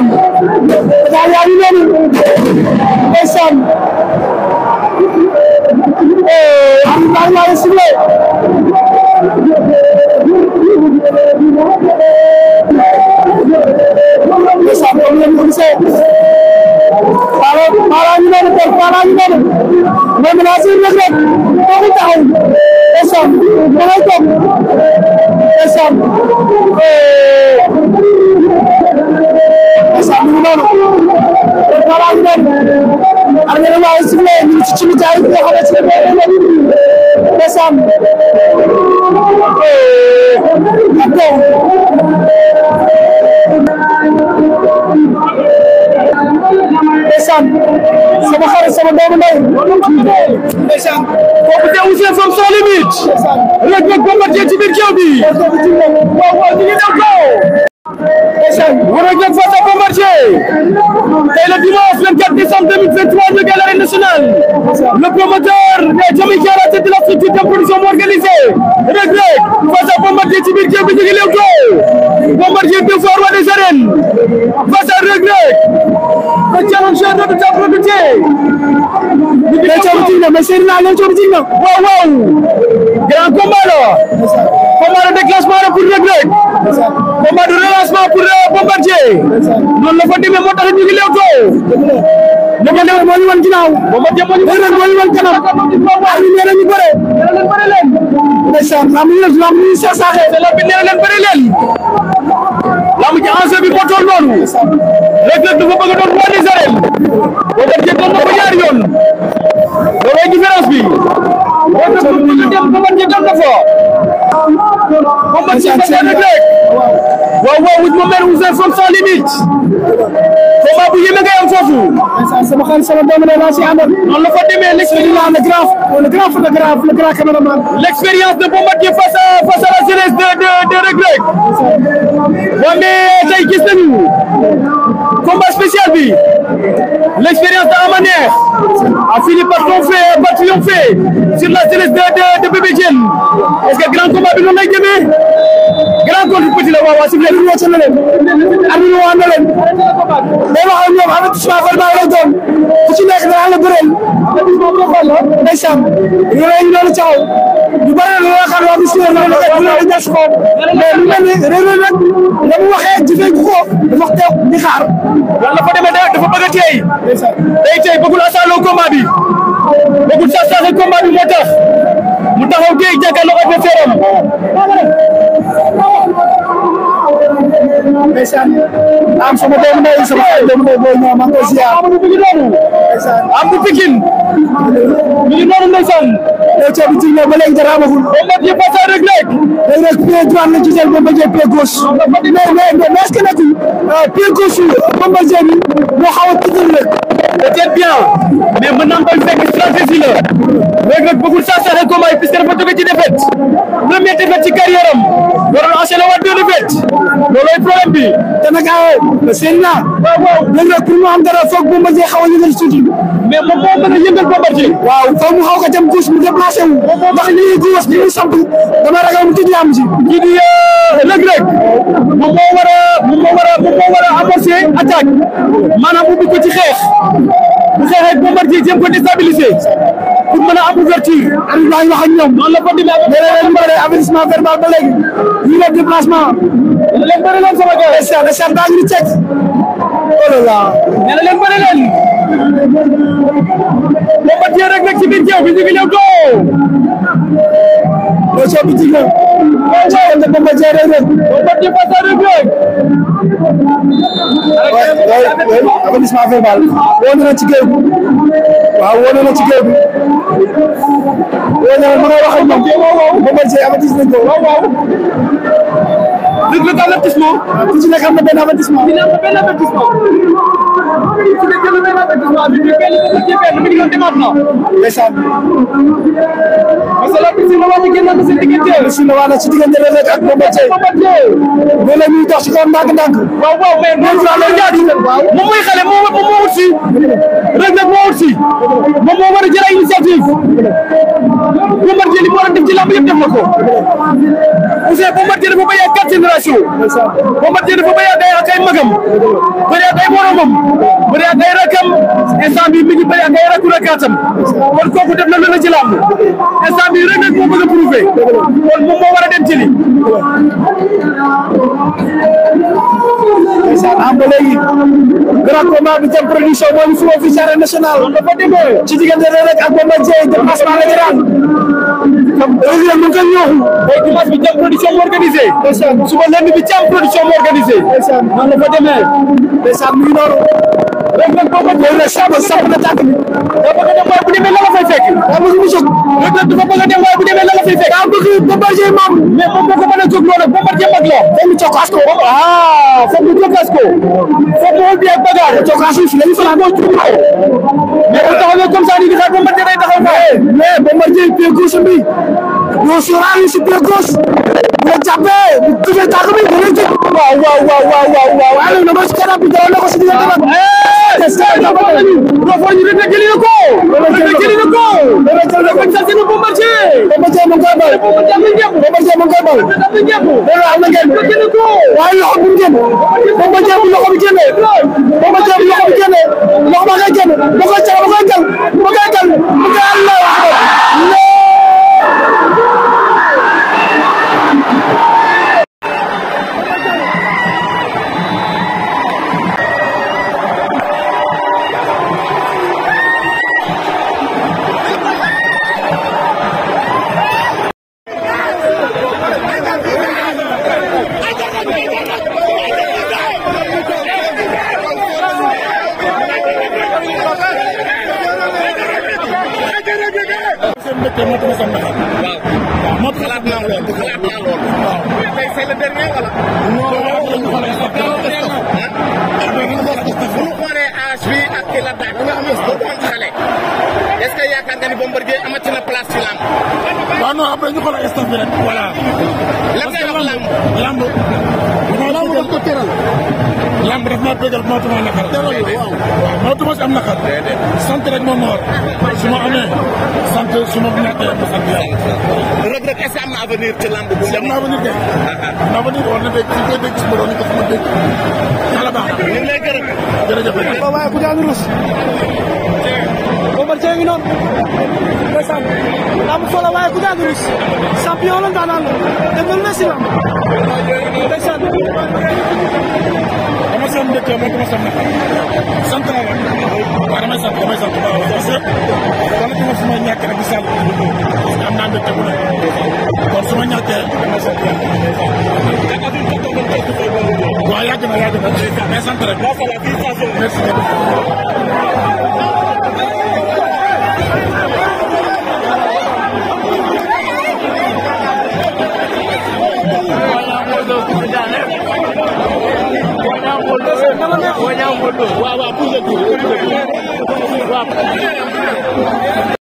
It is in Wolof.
ndeysaan daa yaa ngi noonu ndeysaan am naa yaa ngi sible ndeysaan comme ngeen ko gisee Paala Paala ñu noonu kon Paala ñu noonu mais menacé rek rek kooku taxaw ndeysaan da ngay toog ndeysaan ndeysaan mu ngi noonu président baa ngi noonu armée de waaye sifle ñu ngi ci ci jaay bi nga xamante ne mooy la ndeysaan ndeysaan sama xarit sama doomu ndey ndeysaan kooku de Ouzin Femme sans limite rek rek combattre ci biir géew bi ñu ngi dem kaw war a jóg face à Bombardier tey le dimanche 24 décembre 2023 ñu ngi à l'arène nationale le promoteur et Jami Diarra tête de la structure de production organisée Reug Reug face à Bombardier ci biir géew bi ñu ngi lewtoo Bombardier deux fois roi des arènes face à Reug Reug le challenger redoutable redouté mais coono jig na mais seen naa leen coono jig na waaw waaw grand combat la combat de déclenchement pour Reug Reug combat de relancement pour Bombardier noonu la fa demee moo tax ñu ngi Leewtoo Bombardier moo ñu wan ginnaaw Bombardier moo ñu wan kanam am ñu neena ñu bëre ndeysaan am ñu lam ñu saxaaxe la bi neena leen bëre leen lam ji enjeu bi botol noonu rek rek dafa bëgg doon roi des arènes Bombardier doon na ko ñaari yoon loolooy différence bi moo tax ñu dem Bombardier doon na fo Bombardier doon na rek waaw waaw wut ma mère Ouzin Fane sans limite bu yéeme ngay am foofu. sama xarit sama doomu la laa si àndal. noonu la fa demee l'expérience le grand le grand photographe le grand caméraman. l'expérience de Bombardier face à face à la jeunesse de de de Reug Reug. waaw mais tey spécial bi l'expérience de Amané a fini par triompher par triompher sur la jeunesse de de de Bébé Diène est-ce que grand combat bi noonu lay jëmee grand contre petit la waaw waaw si na leen day wax ak ñoom avertissement verbal lay doon la bëreel ndeysaan ñu lay ñu doon caxaw ñu bëri na loo xam ne si la la ko la des ko mais lu mel ni réew mi nag la mu waxee di xaar wala fa demee dafa bëgg a teey day teey bëggul asaaloo combat bi bëggul sa sa combat bi moo tax mu taxaw géej jàkkaarloo adversaire am ndeysaan am sama doomu ndey sama doomu ndey booy ñëw maa ngi koy ziar am bu pikin ndeysaan am bu pikin mi ngi noonu ndeysaan yow coobi ci ñëw ba léegi dara amagul ba lépp yi passé rek rek rek rek pied droit lañ ci jël Bombardier pied gauche mais mais mais est-ce que nekkul euh, pied gauche Bombardier bi moo xaw a tëjal rek peut-être bien mais mën naa koy fekk stratégie la Reug Reug bëggul saa saaxal combat yi puisque dafa jóge ci défaite première défaite ci carrière am waroon enchaîné waat deux défaites loolooy problème bi. te nag ah, seen naa. waaw waaw Reug Reug pour mu am dara foog Bombardier xaw a yëngal tuuti. mais moom moo mën a yëngal Bombardier. waaw foog mu xaw ko jëm gauche mu déplacé wu. ndax li ñuy gauche li ñuy samp dama ragal mu tëj am ji. kii di euh, Reug Reug moom moo war a moom moo war a moom moo war a amorcer attaque maanaam ubbi ko ci xeex bu xeexee Bombardier jéem ko déstabiliser. pour mën a am ouverture. arbitre baa ngi ñoom. noonu la ko dinaa ko bëri leen bëri avertissement verbal ba léegi. ñu def leen bëri leen sama gars. est ce que baa ngi di oh leen bëri leen. Bombardier rek rek ci biir géew bi ñu ngi ñëw too. Boy Sow bi ci géew. Boy Sow wala Bombardier rek rek. Bombardier face à Reug Reug. Avertissement verbal. Woon na ci géew bi. Waaw woon na ci géew bi. Woon na ma nga wax ak moom. Bombardier avertis nañ ko. Waaw waaw. Dëgg la avertissement. Ku ci nekk am na benn avertissement. Dina am benn avertissement. ndeysaan masala bi si la waa génn na si diggante si la waa si diggante la nekk ak Bombardier loolu la ñuy dox si kaw ndànk-ndànk waaw waaw mais moom la jaadi moom mooy xale moom moo wut si rek nag moo wut si moom moo war a jël ay initiative Bombardier li mu war a def ci lamb yëpp def na ko Ousseyn Bombardier dafa béy ak quatre génération Bombardier dafa béy ak ay magam bëri doomam bëri ak ay rakam instant bii mi ngi bëri ak ay rakku rakaatam kon kooku def na lu la ci làmb instant bii rek nag moo bëgg a prouvé kon moom moo war a dem ci li am ah, ba léegi grand combat bi tam production moo ñu fi woo fi arène nationale ci diggante rek ak Bombardier jëm Assemblée générale loolu yëpp ñu ngi koy ñooxu. tey dimanche bi jam production mu organisé. suba lenn bi jam production mu organisé. noonu la fa demee. ndeysaan mu ngi noonu. rek nag boo ko jëlee rek sàmm sàmm na tànk bi. daa bëgg a dem waaye bu demee la la fay fekk. daa bëgg mu jóg. loolu nag dafa bëgg a dem waaye bu demee la la fay fekk. daa bëgg Bombardier maam. mais moom boo ko mën a jóg loolu Bombardier mag la. foog mu cokkaas ko. ah foog mu cokkaas ko. foog mu wol bi ak bagaar. cokkaas yi fi la ñu faral moo jóg ko. mais bu taxawee comme ça di xaar Bombardier day taxaw mais Bombardier pied gauche bi ñoo sóoraale si pied gauche boo jàppee bu tuddee tànk bi dana tëj. waaw waaw waaw waaw waaw waaw allo na ma si kanam bi dawal na ko si diggante ba. est ce que dafa mel ni. dafa ñu rëdd gëli na ko. rëdd gëli na ko. rëdd gëli na ko. rëdd gëli na ko. Bombardier mu ngi koy bal. Bombardier mu ngi koy bal. loolu am na ngeen. waaye loxo bu ngeen. Bombardier bu loxo bi génnee. Bombardier bu loxo bi génnee. loxo ba koy génn. ba koy cax ba koy gal. ba koy gal. ba koy àll mbégte motu ma sam ndaxam. waaw waaw motu xalaat naa lool xalaat naa lool. waaw tey c'est le dernier wala. bu ñu xoolee âge bi ak ki la daal nga xam ne doon xale est-ce que yaakaar nga ni Bombardier amati na place ci làmb. waaw non après ñu xoolal staff bi rek. voilà. lan ngay wax làmb làmb. làmb dañ ko tëral. lamb daf maa bégal moo tuma naqar waaw moo tuma si am naqar sant rek moom moo war su ma amee sant su ma ñàkkee ma sant yàlla rek rek est-ce que am na avenir ci lamb bi am na avenir kay am na avenir war na dégg si koy dégg si mbir ko suma dégg yàlla baax ñu ngi lay gërëm jërëjëf waaye ku jaami rus Bombardier ngi noonu ndeysaan lamb fo la waaye ku jaami rus champion la ndaanaan la te mel na si lamb ndeysaan mooy sama mbégte mooy sama sama sant naa la waaw damay sant damay sant waaw parce que wala dama su ma ñàkk rek di sant parce que am naa mbégte bu ne kon su ma ñàkkee damay sant yàlla waaw yàgg na yàgg na mais sant rek merci waaw waaw